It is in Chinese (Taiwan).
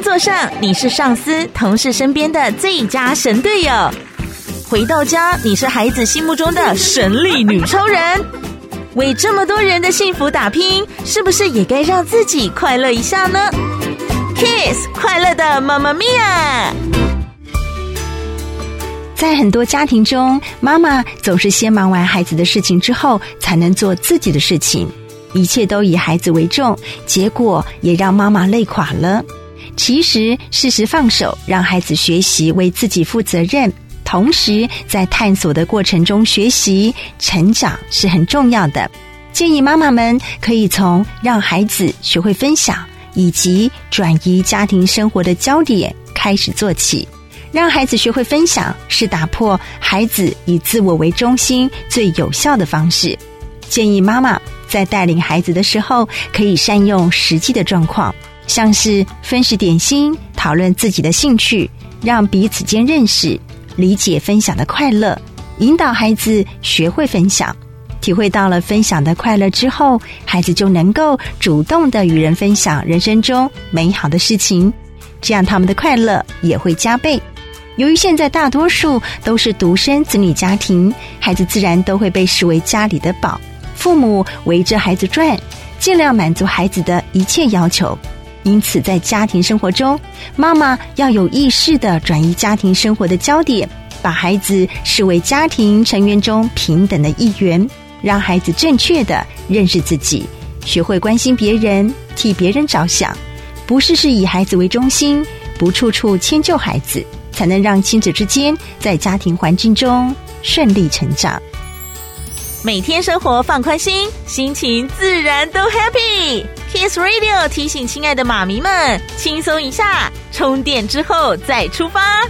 工作上你是上司同事身邊的最佳神隊友，回到家你是孩子心目中的神力女超人，為這麼多人的幸福打拼，是不是也該讓自己快樂一下呢？Kiss 快樂的媽媽咪呀、啊，在很多家庭中，媽媽總是先忙完孩子的事情之後，才能做自己的事情，一切都以孩子為重，結果也讓媽媽累垮了。其實，適時放手，讓孩子學習為自己負責任，同時在探索的過程中學習成長是很重要的。建議媽媽們可以從讓孩子學會分享以及轉移家庭生活的焦點開始做起。讓孩子學會分享，是打破孩子以自我為中心最有效的方式。建議媽媽在帶領孩子的時候，可以善用實際的狀況。像是分食點心，討論自己的興趣，讓彼此間認識、理解、分享的快樂，引導孩子學會分享。體會到了分享的快樂之後，孩子就能夠主動地與人分享人生中美好的事情，這樣他們的快樂也會加倍。由於現在大多數都是獨生子女家庭，孩子自然都會被視為家裡的寶，父母圍着孩子轉，儘量滿足孩子的一切要求。因此，在家庭生活中，媽媽要有意識地轉移家庭生活的焦點，把孩子視為家庭成員中平等的一員，讓孩子正確地認識自己，學會關心別人，替別人着想，不事事以孩子為中心，不處處遷就孩子，才能讓親子之間在家庭環境中順利成長。每天生活放寬心，心情自然都 happy。Kiss Radio 提醒親愛的媽咪們，輕鬆一下，充電之後再出發。